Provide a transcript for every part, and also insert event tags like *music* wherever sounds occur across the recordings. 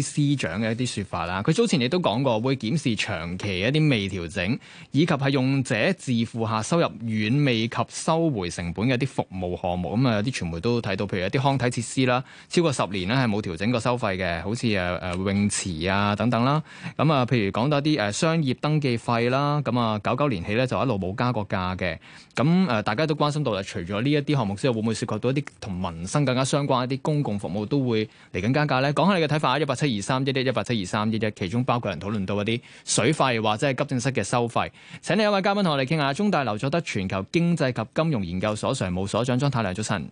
啲司長嘅一啲説法啦，佢早前亦都講過會檢視長期一啲未調整，以及係用者自付下收入遠未及收回成本嘅一啲服務項目。咁啊，有啲傳媒都睇到，譬如一啲康體設施啦，超過十年咧係冇調整過收費嘅，好似誒誒泳池啊等等啦。咁啊，譬如講到一啲誒商業登記費啦，咁啊九九年起咧就一路冇加過價嘅。咁誒、呃，大家都關心到啦，除咗呢一啲項目之外，會唔會涉及到一啲同民生更加相關嘅一啲公共服務都會嚟緊加價咧？講下你嘅睇法。一八七七二三一一一八七二三一一，其中包括人討論到一啲水費或者係急症室嘅收費。請你一位嘉賓同我哋傾下，中大劉佐德全球經濟及金融研究所常務所長莊太量早晨。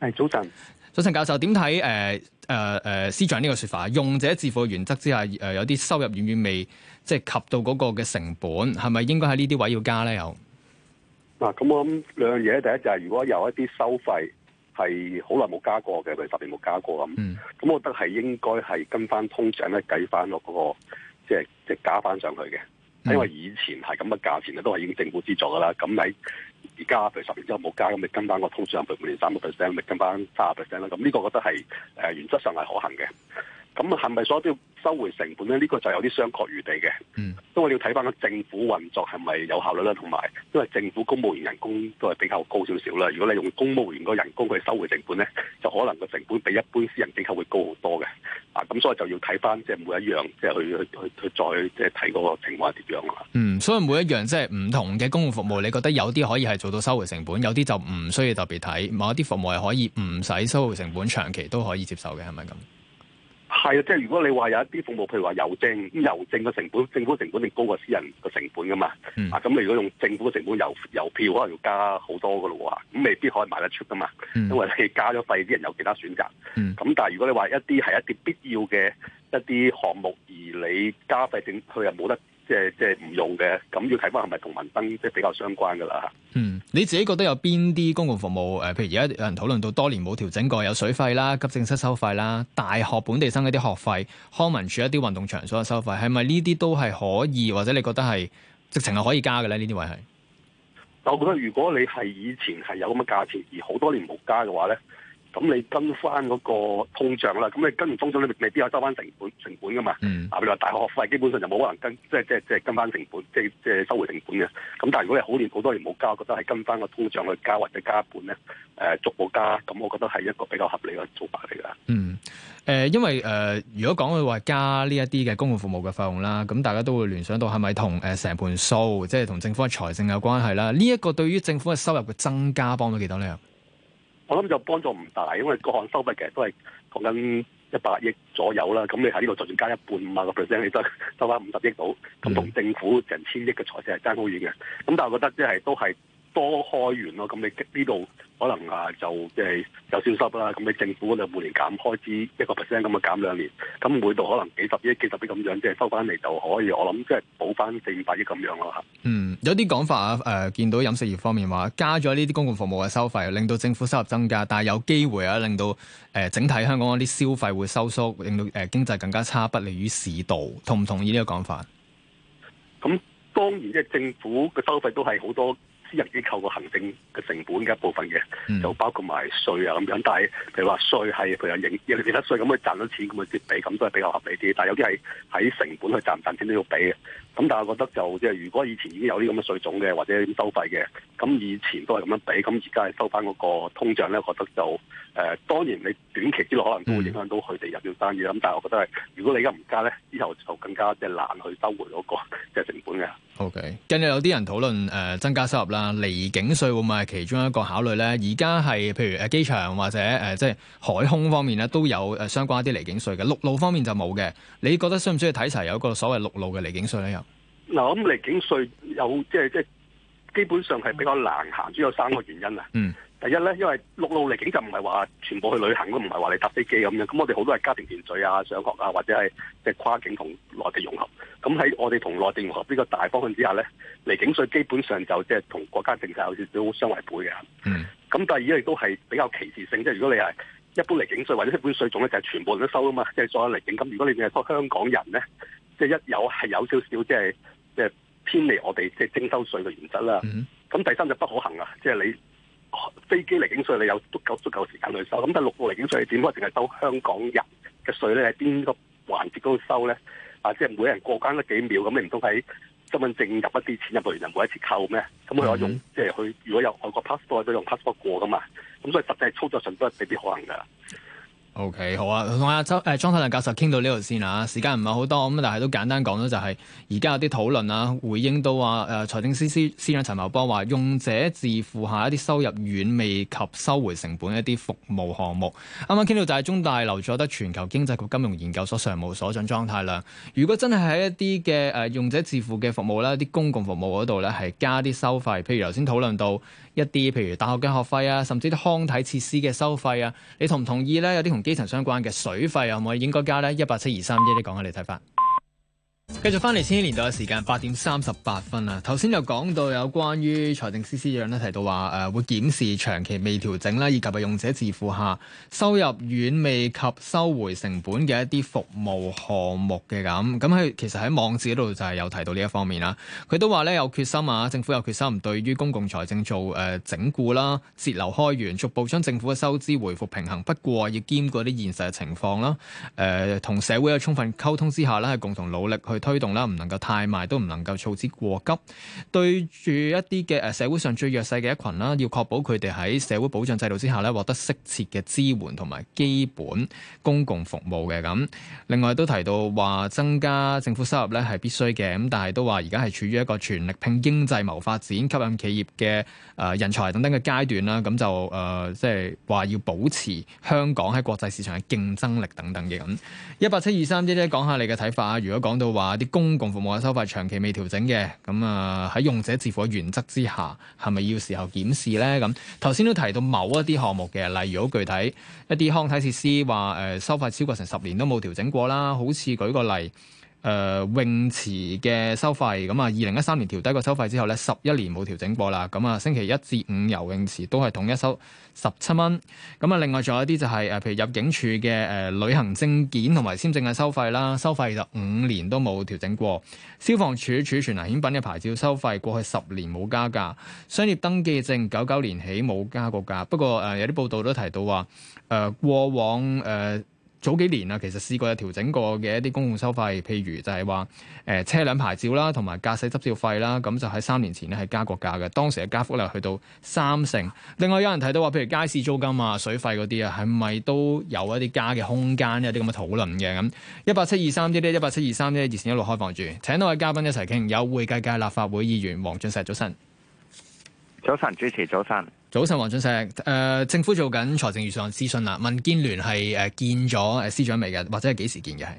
係早晨，早晨教授點睇？誒誒誒，司長呢個説法，用者自負原則之下，誒、呃、有啲收入遠遠未即係及到嗰個嘅成本，係咪應該喺呢啲位置要加咧？又、啊、嗱，咁我諗兩樣嘢，第一就係如果有一啲收費。係好耐冇加過嘅，佢十年冇加過咁，咁、嗯、我覺得係應該係跟翻通漲咧、那個，計翻落嗰個即係即係加翻上去嘅、嗯。因為以前係咁嘅價錢咧，都係已經政府資助噶啦。咁喺而家譬如十年之後冇加咁，你跟翻個通漲，每年三個 percent，咪跟翻卅 percent 啦。咁呢個我覺得係誒、呃，原則上係可行嘅。咁係咪所有都要收回成本咧？呢個就有啲商榷餘地嘅。嗯，都我要睇翻個政府運作係咪有效率啦，同埋因為政府公務員人工都係比較高少少啦。如果你用公務員個人工去收回成本咧，就可能個成本比一般私人機構會高好多嘅。啊，咁所以就要睇翻即係每一樣，即係去去去去再即係睇嗰個情況係點樣啦。嗯，所以每一樣即係唔同嘅公共服務，你覺得有啲可以係做到收回成本，有啲就唔需要特別睇。某一啲服務係可以唔使收回成本，長期都可以接受嘅，係咪咁？係啊，即係如果你話有一啲服務，譬如話郵政，郵政嘅成本，政府成本定高過私人嘅成本噶嘛？嗯、啊，咁你如果用政府嘅成本郵郵票，可能要加好多噶喇喎，咁未必可以賣得出噶嘛？嗯、因為你加咗費，啲人有其他選擇。咁、嗯、但係如果你話一啲係一啲必要嘅一啲項目，而你加費整，佢又冇得。即係唔用嘅，咁要睇翻係咪同民生即係比較相關噶啦吓。嗯，你自己覺得有邊啲公共服務、呃、譬如而家有人討論到多年冇調整過，有水費啦、急症室收費啦、大學本地生嗰啲學費、康文署一啲運動場所嘅收費，係咪呢啲都係可以，或者你覺得係直情係可以加嘅呢？呢啲位係？但我覺得如果你係以前係有咁嘅價錢，而好多年冇加嘅話呢。咁你跟翻嗰個通脹啦，咁你跟完通脹，你未必有收翻成本成本噶嘛？啊，例如話大學學費基本上就冇可能跟，即係即係即係跟翻成本，即係即係收回成本嘅。咁但係如果你好年好多年冇加，覺得係跟翻個通脹去加，或者加一半咧，逐步加，咁我覺得係一個比較合理嘅做法嚟噶。嗯，因為、呃、如果講佢話加呢一啲嘅公共服務嘅費用啦，咁大家都會聯想到係咪同成盤數，即係同政府嘅財政有關係啦？呢一個對於政府嘅收入嘅增加幫到幾多呢？我諗就幫助唔大，因為各項收費其實都係講緊一百億左右啦。咁你喺呢度就算加一半五萬個 percent，你都收翻五十億到，咁同政府成千億嘅財政係爭好遠嘅。咁但我覺得即係都係。多開完咯，咁你呢度可能啊就即係有消失啦。咁你政府就每年減開支一個 percent 咁啊減兩年，咁每度可能幾十億、幾十億咁樣，即係收翻嚟就可以。我諗即係補翻四五百億咁樣咯嚇。嗯，有啲講法啊，誒、呃、見到飲食業方面話加咗呢啲公共服務嘅收費，令到政府收入增加，但係有機會啊令到誒、呃、整體香港嗰啲消費會收縮，令到誒、呃、經濟更加差，不利於市道。同唔同意呢個講法？咁、嗯、當然即係、就是、政府嘅收費都係好多。私人機構個行政嘅成本嘅一部分嘅，就包括埋稅啊咁樣。但係，譬如話稅係佢有影有啲利得稅咁去賺到錢咁去折俾，咁都係比較合理啲。但係有啲係喺成本去賺唔賺錢都要俾嘅。咁但係我覺得就即係如果以前已經有啲咁嘅稅種嘅或者收費嘅，咁以前都係咁樣俾，咁而家係收翻嗰個通脹咧，我覺得就誒、呃、當然你短期之內可能都會影響到佢哋入邊生意，咁、嗯、但係我覺得係如果你而家唔加咧，之後就更加即係難去收回嗰、那個即係、就是、成本嘅。OK，跟住有啲人討論增加收入啦，離境稅會唔會係其中一個考慮咧？而家係譬如誒機場或者即係、呃就是、海空方面咧都有相關一啲離境稅嘅，陸路方面就冇嘅，你覺得需唔需要睇齊有一個所謂陸路嘅離境稅咧？嗱，咁離境稅有即係即係基本上係比較難行，主要有三個原因啊。Mm. 第一咧，因為陸路離境就唔係話全部去旅行，都唔係話你搭飛機咁樣。咁我哋好多係家庭團聚啊、上學啊，或者係即係跨境同內地融合。咁喺我哋同內地融合呢個大方向之下咧，離境稅基本上就即係同國家政策有少少相違背嘅。咁、mm. 第二咧，亦都係比較歧視性，即係如果你係一般離境稅或者一般稅種咧，就係全部都收啊嘛。即係所有離境咁，如果你係香港人咧，即係一有係有少少即係即係偏離我哋即係徵收稅嘅原則啦。咁、mm -hmm. 第三就不可行啊！即係你飛機離境稅，你有足夠足夠時間去收。咁但係陸路離境稅，點可能淨係收香港人嘅稅咧？喺邊個環節嗰度收咧？啊！即係每人過關得幾秒咁，唔通喺身份證入一啲錢入去，然後每一次扣咩？咁佢有用即係佢如果有外國 passport 都用 passport 過噶嘛？咁所以實際操作上都係未必可行噶。O、okay, K，好啊，同阿周莊太量教授傾到呢度先啊，時間唔係好多，咁但係都簡單講咗，就係而家有啲討論啊，回應到啊。誒財政司司司長陳茂波話，用者自付下一啲收入遠未及收回成本一啲服務項目。啱啱傾到就係中大劉佐德全球經濟及金融研究所常務所長莊太量。如果真係喺一啲嘅用者自付嘅服務啦，啲公共服務嗰度咧，係加啲收費，譬如頭先討論到。一啲譬如大學嘅學費啊，甚至啲康體設施嘅收費啊，你同唔同意呢？有啲同基層相關嘅水費，係咪應該加呢？一八七二三一，你講下你睇法。繼續翻嚟千禧年代嘅時間，八點三十八分啊！頭先就講到有關於財政司司長咧，提到話誒、呃、會檢視長期未調整啦，以及係用者自付下收入遠未及收回成本嘅一啲服務項目嘅咁，咁喺其實喺網誌嗰度就係有提到呢一方面啦。佢都話咧，有決心啊，政府有決心對於公共財政做誒、呃、整固啦、節流開源，逐步將政府嘅收支回復平衡。不過要兼顧啲現實嘅情況啦，誒、呃、同社會有充分溝通之下咧，係共同努力去推動啦，唔能夠太慢，都唔能夠操之過急。對住一啲嘅誒社會上最弱勢嘅一群啦，要確保佢哋喺社會保障制度之下咧，獲得適切嘅支援同埋基本公共服務嘅咁。另外都提到話增加政府收入咧係必須嘅，咁但係都話而家係處於一個全力拼經濟謀發展、吸引企業嘅誒人才等等嘅階段啦。咁就誒即係話要保持香港喺國際市場嘅競爭力等等嘅咁。一八七二三一咧，講下你嘅睇法啊。如果講到話啲公共服務嘅收費長期未調整嘅，咁啊喺用者自負嘅原則之下，係咪要時候檢視咧？咁頭先都提到某一啲項目嘅，例如好具體一啲康體設施，話誒收費超過成十年都冇調整過啦，好似舉個例。誒、呃、泳池嘅收費，咁啊，二零一三年調低個收費之後咧，十一年冇調整過啦。咁啊，星期一至五游泳池都係統一收十七蚊。咁啊，另外仲有一啲就係、誒、譬如入境處嘅誒旅行證件同埋簽證嘅收費啦，收費就五年都冇調整過。消防處儲存危險品嘅牌照收費過去十年冇加價，商業登記證九九年起冇加過價。不過、呃、有啲報道都提到話、呃、過往誒。呃早幾年啊，其實試過調整過嘅一啲公共收費，譬如就係話誒車輛牌照啦，同埋駕駛執照費啦，咁就喺三年前咧係加過價嘅，當時嘅加幅咧去到三成。另外有人提到話，譬如街市租金啊、水費嗰啲啊，係咪都有一啲加嘅空間，有啲咁嘅討論嘅咁。一八七二三啲咧，一八七二三咧，二線一路開放住。請多位嘉賓一齊傾，有會計界立法會議員黃俊碩，早晨。早晨，主持早晨。早晨，黃俊碩、呃，政府做緊財政預算諮詢啦。民建聯係見咗司長未嘅，或者係幾時見嘅？係、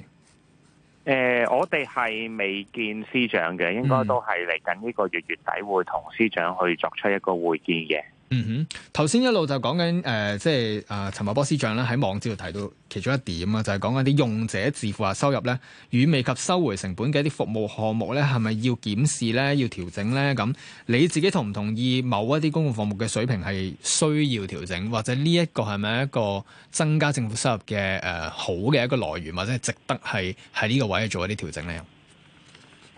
呃、我哋係未見司長嘅，應該都係嚟緊呢個月月底會同司長去作出一個會見嘅。嗯哼，頭先一路就講緊誒，即係啊，陳茂波司長咧喺網誌度提到其中一點啊，就係講緊啲用者自負啊收入咧，與未及收回成本嘅一啲服務項目咧，係咪要檢視咧，要調整咧？咁你自己同唔同意某一啲公共服務嘅水平係需要調整，或者呢一個係咪一個增加政府收入嘅誒、呃、好嘅一個來源，或者係值得係喺呢個位去做一啲調整咧？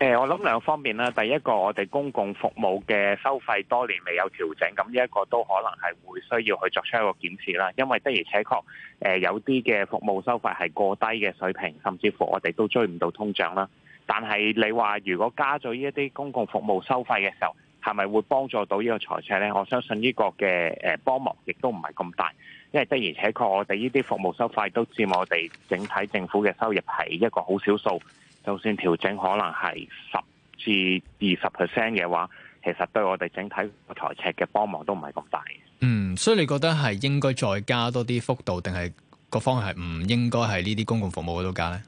誒，我諗兩方面啦。第一個，我哋公共服務嘅收費多年未有調整，咁呢一個都可能係會需要去作出一個檢視啦。因為的而且確，有啲嘅服務收費係過低嘅水平，甚至乎我哋都追唔到通脹啦。但係你話如果加咗呢一啲公共服務收費嘅時候，係咪會幫助到呢個財赤呢？我相信呢個嘅幫忙亦都唔係咁大，因為的而且確，我哋呢啲服務收費都佔我哋整體政府嘅收入係一個好少數。就算調整可能係十至二十 percent 嘅話，其實對我哋整體台尺嘅幫忙都唔係咁大。嗯，所以你覺得係應該再加多啲幅度，定係個方向係唔應該係呢啲公共服務嗰度加呢？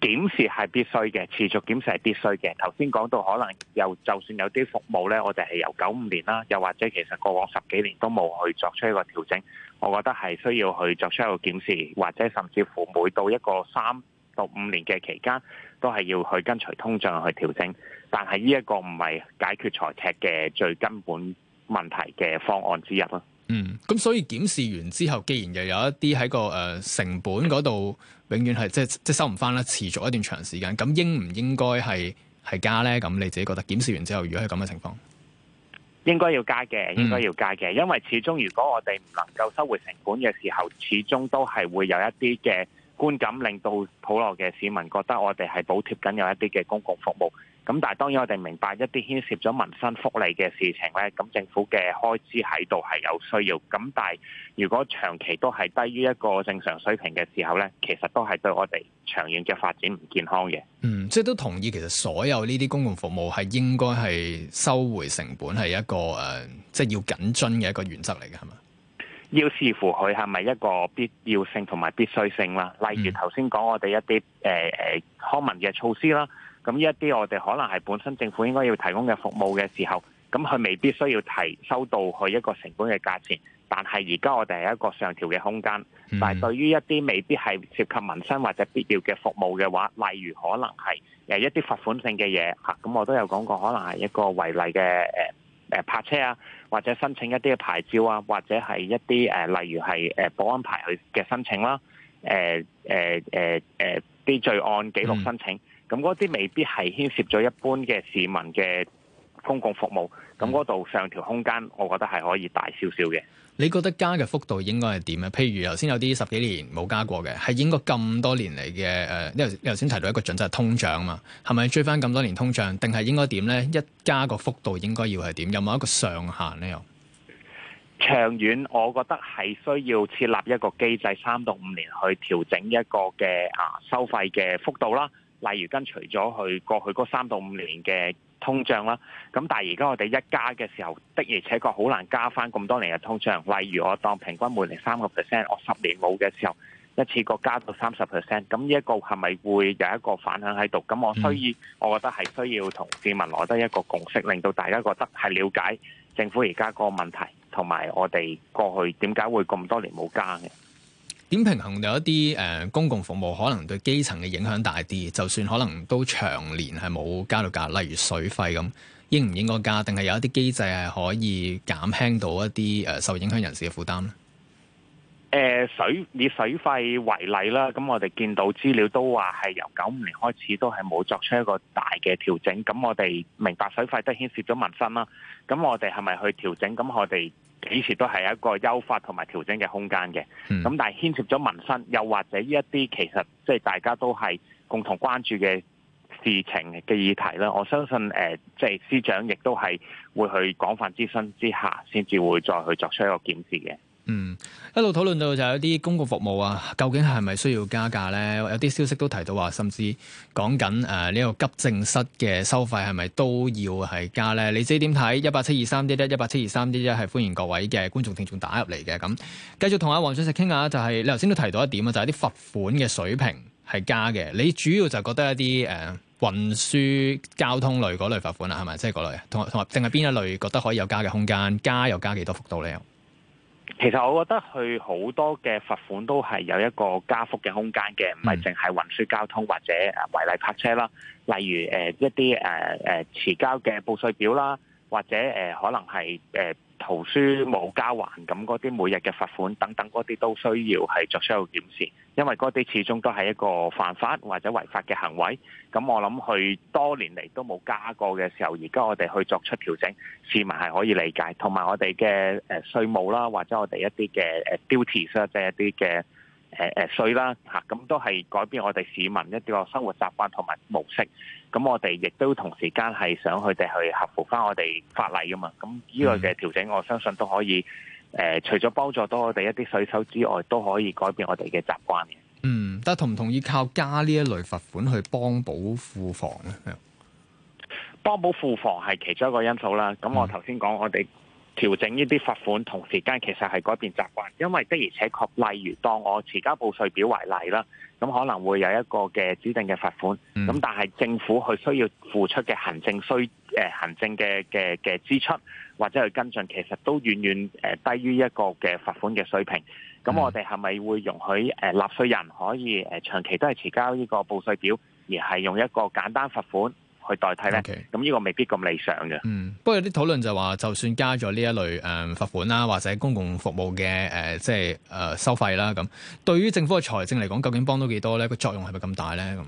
檢視係必須嘅，持續檢視係必須嘅。頭先講到可能又就算有啲服務呢，我哋係由九五年啦，又或者其實過往十幾年都冇去作出一個調整，我覺得係需要去作出一個檢視，或者甚至乎每到一個三到五年嘅期間都係要去跟隨通脹去調整，但係呢一個唔係解決財赤嘅最根本問題嘅方案之一咯。嗯，咁所以檢視完之後，既然又有一啲喺個誒、呃、成本嗰度永遠係即即收唔翻啦，持續一段長時間，咁應唔應該係係加呢？咁你自己覺得檢視完之後，如果係咁嘅情況，應該要加嘅，應該要加嘅、嗯，因為始終如果我哋唔能夠收回成本嘅時候，始終都係會有一啲嘅。觀感令到普羅嘅市民覺得我哋係補貼緊有一啲嘅公共服務，咁但係當然我哋明白一啲牽涉咗民生福利嘅事情咧，咁政府嘅開支喺度係有需要，咁但係如果長期都係低於一個正常水平嘅時候咧，其實都係對我哋長遠嘅發展唔健康嘅。嗯，即係都同意其實所有呢啲公共服務係應該係收回成本係一個誒、呃，即係要謹遵嘅一個原則嚟嘅，係嘛？要視乎佢係咪一個必要性同埋必須性啦。例如頭先講我哋一啲誒誒康文嘅措施啦，咁一啲我哋可能係本身政府應該要提供嘅服務嘅時候，咁佢未必需要提收到佢一個成本嘅價錢。但係而家我哋係一個上調嘅空間。但係對於一啲未必係涉及民生或者必要嘅服務嘅話，例如可能係一啲罰款性嘅嘢嚇，咁我都有講過，可能係一個違例嘅誒誒泊車啊。或者申請一啲嘅牌照啊，或者係一啲誒、呃，例如係誒、呃、保安牌去嘅申請啦，誒誒誒誒啲罪案記錄申請，咁嗰啲未必係牽涉咗一般嘅市民嘅。公共服務，咁嗰度上調空間我覺得係可以大少少嘅。你覺得加嘅幅度應該係點啊？譬如頭先有啲十幾年冇加過嘅，係應該咁多年嚟嘅誒？你頭先提到一個準則係通脹啊嘛，係咪追翻咁多年通脹定係應該點咧？一加個幅度應該要係點，有冇一個上限咧？又長遠，我覺得係需要設立一個機制，三到五年去調整一個嘅啊收費嘅幅度啦。例如跟隨咗佢過去嗰三到五年嘅。通脹啦，咁但係而家我哋一加嘅時候的而且確好難加翻咁多年嘅通脹。例如我當平均每年三個 percent，我十年冇嘅時候，一次過加到三十 percent，咁呢一個係咪會有一個反響喺度？咁我需要，我覺得係需要同市民攞得一個共識，令到大家覺得係了解政府而家個問題，同埋我哋過去點解會咁多年冇加嘅。點平衡有一啲誒、呃、公共服務可能對基層嘅影響大啲，就算可能都長年係冇加到價，例如水費咁，應唔應該加？定係有一啲機制係可以減輕到一啲誒、呃、受影響人士嘅負擔咧？誒、呃、水以水費為例啦，咁我哋見到資料都話係由九五年開始都係冇作出一個大嘅調整。咁我哋明白水費都牽涉咗民生啦。咁我哋係咪去調整？咁我哋？幾時都係一個優化同埋調整嘅空間嘅，咁但係牽涉咗民生，又或者呢一啲其實即係大家都係共同關注嘅事情嘅議題啦。我相信誒，即、呃、係、就是、司長亦都係會去廣泛諮詢之下，先至會再去作出一個檢視嘅。嗯，一路討論到就有啲公共服務啊，究竟係咪需要加價咧？有啲消息都提到話，甚至講緊誒呢個急症室嘅收費係咪都要係加咧？你自己點睇？一八七二三一一一八七二三一一，係歡迎各位嘅觀眾聽眾打入嚟嘅。咁繼續同阿黃俊碩傾下，就係、是、你頭先都提到一點啊，就係啲罰款嘅水平係加嘅。你主要就覺得一啲誒運輸交通類嗰類罰款啊，係咪即係嗰類？同埋淨係邊一類覺得可以有加嘅空間？加又加幾多幅度咧？其實我覺得佢好多嘅罰款都係有一個加幅嘅空間嘅，唔係淨係運輸交通或者違例泊車啦。例如誒一啲誒誒遲交嘅報稅表啦，或者誒可能係誒。圖書冇交還咁嗰啲每日嘅罰款等等嗰啲都需要係作出一個檢視，因為嗰啲始終都係一個犯法或者違法嘅行為。咁我諗佢多年嚟都冇加過嘅時候，而家我哋去作出調整，市民係可以理解。同埋我哋嘅誒稅務啦，或者我哋一啲嘅誒 duties 即係一啲嘅。誒誒稅啦吓，咁、啊、都係改變我哋市民一啲個生活習慣同埋模式，咁我哋亦都同時間係想佢哋去合符翻我哋法例噶嘛，咁呢個嘅調整我相信都可以誒、呃，除咗幫助到我哋一啲稅收之外，都可以改變我哋嘅習慣。嗯，但同唔同意靠加呢一類罰款去幫補庫房咧？幫補庫房係其中一個因素啦。咁我頭先講我哋、嗯。調整呢啲罰款同時間其實係改變習慣，因為的而且確，例如當我遲交報稅表為例啦，咁可能會有一個嘅指定嘅罰款，咁、嗯、但係政府佢需要付出嘅行政需誒行政嘅嘅嘅支出或者去跟進，其實都遠遠誒低於一個嘅罰款嘅水平。咁我哋係咪會容許誒納稅人可以誒長期都係遲交呢個報稅表，而係用一個簡單罰款？去代替咧咁、okay. 呢個未必咁理想嘅。嗯，不過有啲討論就話，就算加咗呢一類誒、呃、罰款啦，或者公共服務嘅誒，即係誒收費啦，咁對於政府嘅財政嚟講，究竟幫到幾多咧個作用係咪咁大咧咁、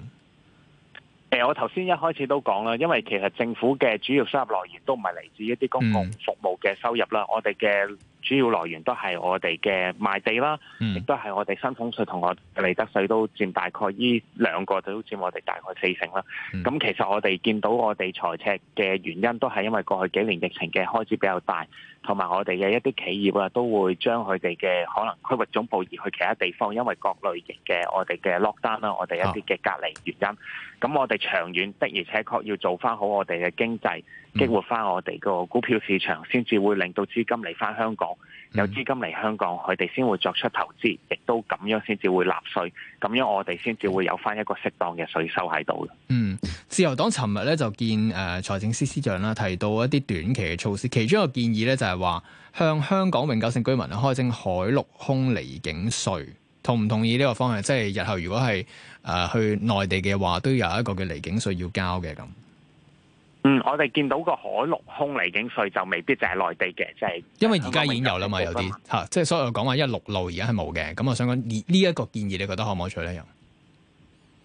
呃、誒，我頭先一開始都講啦，因為其實政府嘅主要收入來源都唔係嚟自一啲公共服務嘅收入啦、嗯，我哋嘅。主要來源都係我哋嘅賣地啦，亦都係我哋新稅同我利得稅都佔大概呢兩個都佔我哋大概四成啦。咁、嗯、其實我哋見到我哋財赤嘅原因都係因為過去幾年疫情嘅開支比較大，同埋我哋嘅一啲企業啊都會將佢哋嘅可能區域總部移去其他地方，因為各類型嘅我哋嘅 lockdown 啦，我哋一啲嘅隔離原因。咁、啊、我哋長遠的而且確要做翻好我哋嘅經濟。激活翻我哋個股票市場，先至會令到資金嚟翻香港，有資金嚟香港，佢哋先會作出投資，亦都咁樣先至會納稅，咁樣我哋先至會有翻一個適當嘅稅收喺度。嗯，自由黨尋日咧，就見誒財政司司長啦，提到一啲短期嘅措施，其中一個建議咧，就係話向香港永久性居民開徵海陸空離境稅，同唔同意呢個方向？即係日後如果係誒去內地嘅話，都有一個嘅離境稅要交嘅咁。嗯，我哋見到個海陸空離境稅就未必就係內地嘅，即、就、係、是、因為而家已經有啦嘛，有啲嚇，即、啊、係所以我講話一陸路而家係冇嘅。咁我想講呢一、這個建議，你覺得可唔可以取呢？又、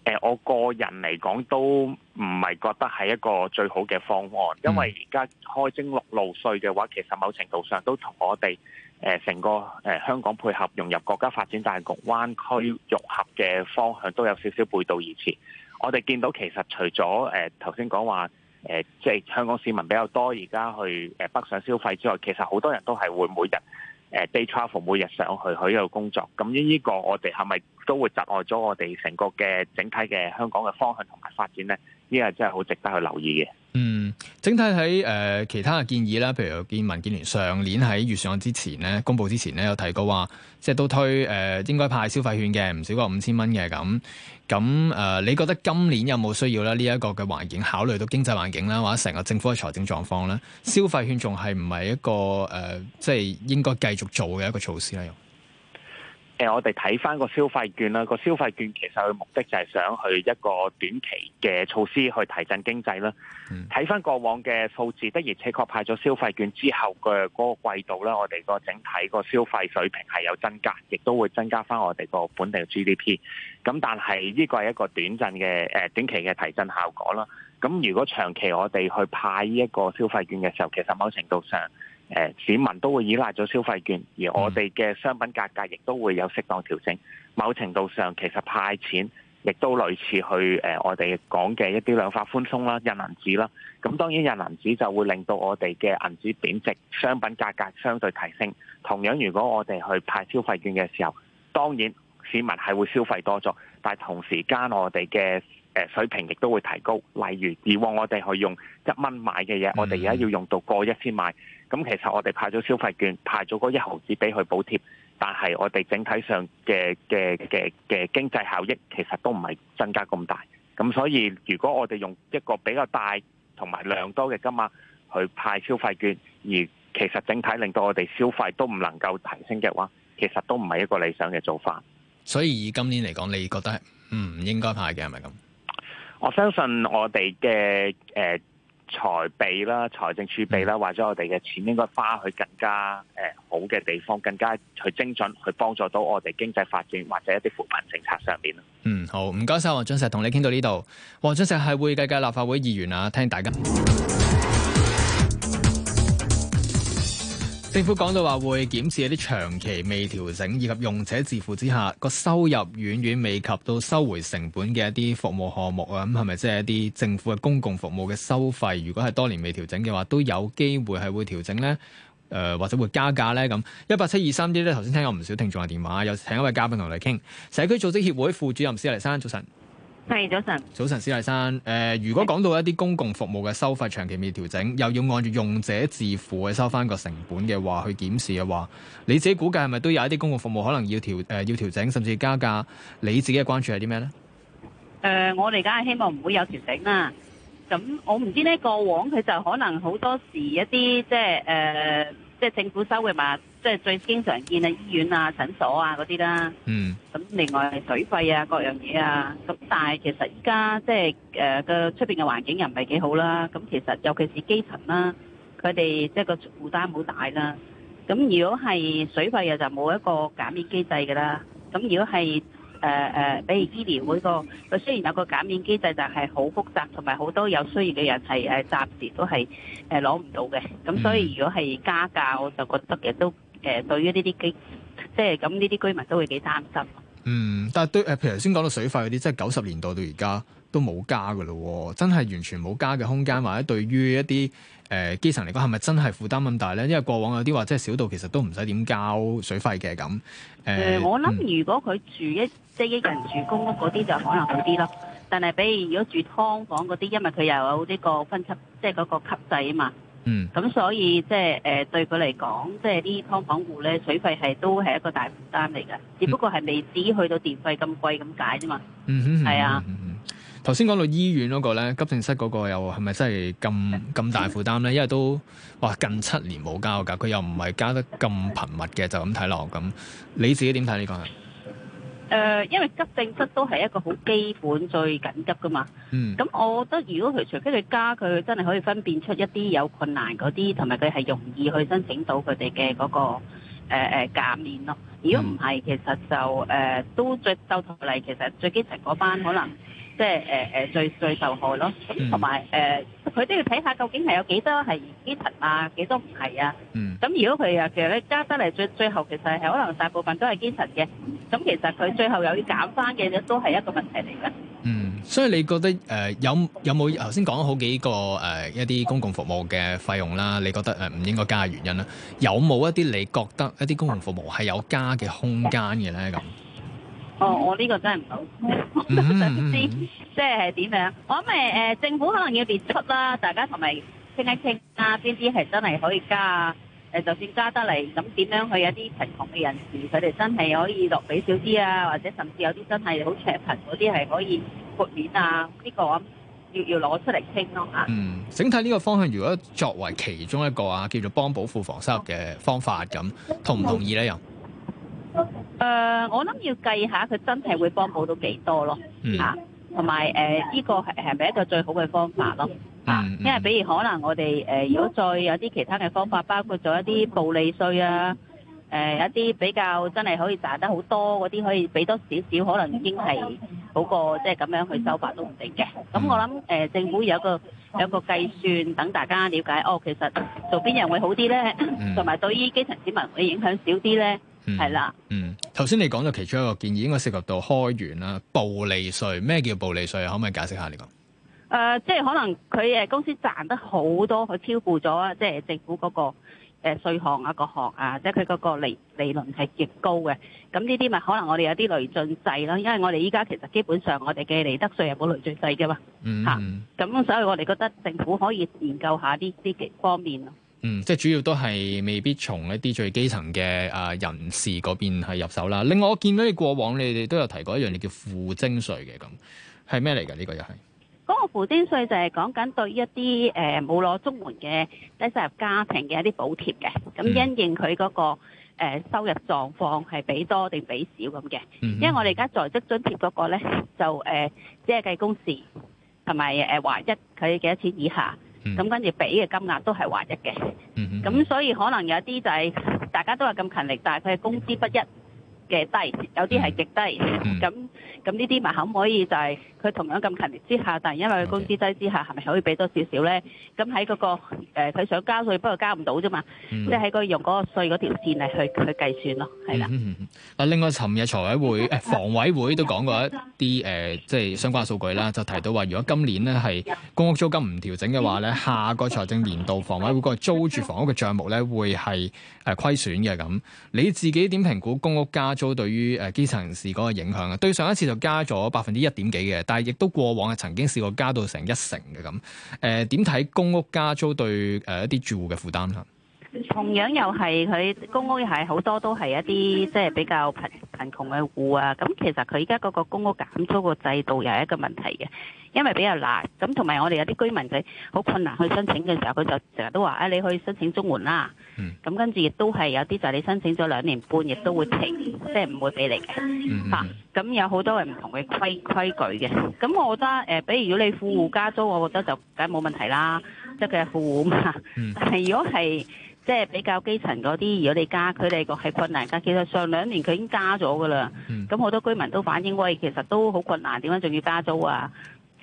呃、誒，我個人嚟講都唔係覺得係一個最好嘅方案，因為而家開徵陸路稅嘅話，其實某程度上都同我哋誒成個誒、呃、香港配合融入國家發展大局、灣區融合嘅方向都有少少背道而馳。我哋見到其實除咗誒頭先講話，呃誒，即係香港市民比較多，而家去誒北上消費之外，其實好多人都係會每日誒 day travel，每日上去去呢度工作。咁呢呢個，我哋係咪都會窒礙咗我哋成個嘅整體嘅香港嘅方向同埋發展咧？呢個真係好值得去留意嘅。嗯，整體喺誒、呃、其他嘅建議啦，譬如見民建聯上年喺預算案之前咧，公布之前咧有提過話，即係都推誒、呃，應該派消費券嘅，唔少過五千蚊嘅。咁咁誒，你覺得今年有冇需要咧？呢一個嘅環境考慮到經濟環境啦，或者成個政府嘅財政狀況咧，消費券仲係唔係一個誒、呃，即係應該繼續做嘅一個措施咧？呃、我哋睇翻個消費券啦，個消費券其實佢目的就係想去一個短期嘅措施去提振經濟啦。睇、嗯、翻過往嘅數字，的而且確派咗消費券之後嘅嗰個季度咧，我哋個整體個消費水平係有增加，亦都會增加翻我哋個本地 GDP。咁但係呢個係一個短陣嘅、呃、短期嘅提振效果啦。咁如果長期我哋去派呢一個消費券嘅時候，其實某程度上，市民都會依賴咗消費券，而我哋嘅商品價格亦都會有適當調整。某程度上，其實派錢亦都類似去、呃、我哋講嘅一啲量化寬鬆啦、印銀紙啦。咁當然印銀紙就會令到我哋嘅銀紙貶值，商品價格相對提升。同樣，如果我哋去派消費券嘅時候，當然市民係會消費多咗，但同時間我哋嘅水平亦都會提高。例如以往我哋去用一蚊買嘅嘢，我哋而家要用到過一先買咁其實我哋派咗消費券，派咗嗰一毫紙俾佢補貼，但係我哋整體上嘅嘅嘅嘅經濟效益其實都唔係增加咁大。咁所以如果我哋用一個比較大同埋量多嘅金額去派消費券，而其實整體令到我哋消費都唔能夠提升嘅話，其實都唔係一個理想嘅做法。所以以今年嚟講，你覺得嗯，唔應該派嘅係咪咁？我相信我哋嘅誒。呃財備啦、財政儲備啦，或者我哋嘅錢應該花去更加誒好嘅地方，更加去精準去幫助到我哋經濟發展或者一啲扶貧政策上面。嗯，好，唔該晒。黃俊碩，同你傾到呢度。黃俊碩係會計界立法會議員啊，聽大家。政府講到話會檢視一啲長期未調整以及用者自負之下個收入遠遠未及到收回成本嘅一啲服務項目啊，咁係咪即係一啲政府嘅公共服務嘅收費？如果係多年未調整嘅話，都有機會係會調整呢？呃，或者會加價呢？咁。一八七二三啲咧，頭先聽過唔少聽眾嘅電話，有請一位嘉賓同我哋傾，社區組織協會副主任施麗珊，早晨。係早晨，早晨，施麗珊。誒、呃，如果講到一啲公共服務嘅收費長期未調整，又要按住用者自付去收翻個成本嘅話去檢視嘅話，你自己估計係咪都有一啲公共服務可能要調誒、呃、要調整，甚至加價？你自己嘅關注係啲咩咧？誒、呃，我哋而梗係希望唔會有調整啦。咁我唔知呢，過往佢就可能好多時一啲即係誒，即係、呃、政府收嘅物。即係最經常見啊，醫院啊、診所啊嗰啲啦。嗯。咁另外係水費啊，各樣嘢啊。咁但係其實依家即係誒個出邊嘅環境又唔係幾好啦。咁其實尤其是基層啦、啊，佢哋即係個負擔好大啦。咁如果係水費啊，就冇一個減免機制㗎啦。咁如果係誒誒，比如醫療嗰個，佢雖然有個減免機制，但係好複雜，同埋好多有需要嘅人係誒暫時都係誒攞唔到嘅。咁所以如果係加價，我就覺得嘅都。誒對於呢啲居，即係咁呢啲居民都會幾擔心。嗯，但係對誒，譬如頭先講到水費嗰啲，即係九十年代到而家都冇加嘅咯，真係完全冇加嘅空間，或者對於一啲誒、呃、基層嚟講，係咪真係負擔咁大咧？因為過往有啲話即係小道其實都唔使點交水費嘅咁。誒、呃呃，我諗如果佢住一即係、嗯就是、一人住公屋嗰啲就可能好啲咯，但係比如如果住劏房嗰啲，因為佢又有呢個分級，即係嗰個級制啊嘛。嗯，咁所以即係誒對佢嚟講，即係啲劏房戶咧水費係都係一個大負擔嚟㗎，只不過係未至於去到電費咁貴咁解啫嘛。嗯，哼，係啊。頭先講到醫院嗰個咧，急症室嗰個又係咪真係咁咁大負擔咧？因為都哇近七年冇交㗎，佢又唔係加得咁頻密嘅，就咁睇落咁。你自己點睇呢個？誒、呃，因為急症室都係一個好基本、最緊急噶嘛。嗯。咁我覺得，如果佢除非佢加佢，佢真係可以分辨出一啲有困難嗰啲，同埋佢係容易去申請到佢哋嘅嗰個誒誒減免咯。如果唔係，其實就誒、呃、都最收同嚟，其實最基層嗰班可能。即係誒誒最最受害咯，咁同埋誒佢都要睇下究竟係有幾多係基層啊，幾多唔係啊？咁如果佢又其實加得嚟最最後其實係可能大部分都係基層嘅，咁其實佢最後有啲減翻嘅咧都係一個問題嚟嘅。嗯，所以你覺得誒有有冇頭先講好幾個誒一啲公共服務嘅費用啦？你覺得誒唔應該加嘅原因啦？有冇一啲你覺得一啲公共服務係有加嘅空間嘅咧？咁？哦，我呢個真係唔夠，嗯、 *laughs* 想知即係點樣？我咪誒、呃，政府可能要列出啦，大家同埋傾一傾啊，邊啲係真係可以加誒、呃，就算加得嚟，咁點樣去一啲貧窮嘅人士，佢哋真係可以落俾少啲啊？或者甚至有啲真係好赤貧嗰啲，係可以豁免啊？呢、這個我要要攞出嚟傾咯吓。嗯，整體呢個方向，如果作為其中一個啊，叫做幫補庫房收入嘅方法咁，同唔同意咧？又？誒、呃，我諗要計下佢真係會幫補到幾多咯，吓、嗯，同埋誒呢個係係咪一個最好嘅方法咯、嗯？因為比如可能我哋誒、呃、如果再有啲其他嘅方法，包括做一啲暴利稅啊，誒、呃、一啲比較真係可以賺得好多嗰啲，可以俾多少少，可能已經係好過即係咁樣去收法都唔定嘅。咁、嗯嗯、我諗誒、呃、政府有個有個有個計算，等大家了解，哦，其實做邊樣會好啲咧，同 *laughs* 埋對於基層市民會影響少啲咧。係、嗯、啦，嗯，頭先你講到其中一個建議，應該涉及到開源啦，暴利稅。咩叫暴利稅？可唔可以解釋下呢個？誒、呃，即係可能佢誒公司賺得好多，佢超過咗即係政府嗰個誒稅項啊、嗰個項啊，即係佢嗰個利利潤係極高嘅。咁呢啲咪可能我哋有啲累進制咯，因為我哋依家其實基本上我哋嘅利得稅係冇累進制噶嘛，吓、嗯。咁、啊、所以我哋覺得政府可以研究下呢啲幾方面咯。嗯，即係主要都係未必從一啲最基層嘅啊人士嗰邊係入手啦。另外，我見到你過往你哋都有提過一樣嘢叫負徵稅嘅，咁係咩嚟㗎？呢個又係嗰個負徵稅就係講緊對一啲誒冇攞綜援嘅低收入家庭嘅一啲補貼嘅，咁、嗯、因應佢嗰、那個、呃、收入狀況係俾多定俾少咁嘅、嗯。因為我哋而家在職津貼嗰個咧就誒只係計工時同埋誒話一佢幾多錢以下。咁跟住俾嘅金額都係劃一嘅，咁 *noise* 所以可能有啲就係、是、大家都係咁勤力，但係佢嘅工資不一。嘅低，有啲係極低，咁咁呢啲咪可唔可以就係佢同樣咁勤力之下，但係因為佢工資低之下，係咪可以俾多少少咧？咁喺嗰個誒，佢、呃、想交稅不過交唔到啫嘛，即係喺個用嗰個稅嗰條線嚟去去計算咯，係啦。嗱、嗯嗯嗯，另外，尋日財委會誒、啊、房委會都講過一啲誒，即、啊、係、呃就係、相關數據啦，就提到話，如果今年呢係公屋租金唔調整嘅話咧、啊，下個財政年度房委會個租住房屋嘅帳目咧會係誒、啊、虧損嘅咁。你自己點評估公屋加租對於誒基層人士嗰個影響啊，對上一次就加咗百分之一點幾嘅，但係亦都過往係曾經試過加到成一成嘅咁。誒點睇公屋加租對誒一啲住戶嘅負擔啦？同樣又係佢公屋又係好多都係一啲即係比較貧貧窮嘅戶啊。咁其實佢而家嗰個公屋減租個制度又係一個問題嘅。因為比較難，咁同埋我哋有啲居民仔好困難去申請嘅時候，佢就成日都話：啊、哎，你去申請綜援啦。咁、嗯、跟住亦都係有啲就係你申請咗兩年半，亦都會停，即係唔會俾你嘅。咁、嗯嗯啊、有好多係唔同嘅規規矩嘅。咁我覺得誒、呃，比如如果你富戶加租，我覺得就梗係冇問題啦，即係佢係富戶嘛。嗯、但係如果係即係比較基層嗰啲，如果你加，佢哋個係困難㗎。其實上兩年佢已經加咗噶啦。咁、嗯、好多居民都反映喂，其實都好困難，點解仲要加租啊？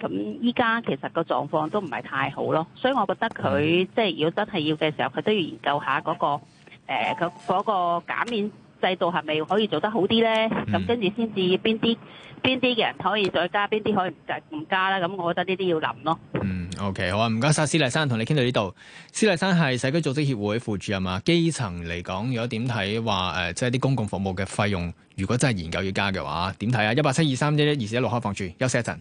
咁依家其實個狀況都唔係太好咯，所以我覺得佢即係如果真係要嘅時候，佢都要研究下嗰、那個誒嗰、呃那個、減免制度係咪可以做得好啲咧？咁、嗯、跟住先至邊啲邊啲嘅人可以再加，邊啲可以唔加啦。咁我覺得呢啲要諗咯。嗯，OK 好啊，唔該晒。施麗珊同你傾到呢度。施麗珊係社區組織協會副主任啊。基層嚟講，如果點睇話即係啲公共服務嘅費用，如果真係研究要加嘅話，點睇啊？一八七二三一一二四一六開放住休息一陣。